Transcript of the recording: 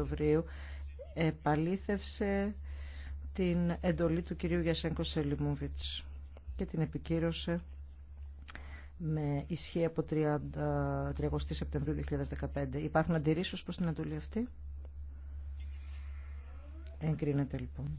Οκτωβρίου επαλήθευσε την εντολή του κυρίου Γιασένκο Σελιμούβιτς και την επικύρωσε με ισχύ από 30, 30 Σεπτεμβρίου 2015. Υπάρχουν αντιρρήσεις προς την εντολή αυτή. Εγκρίνεται λοιπόν.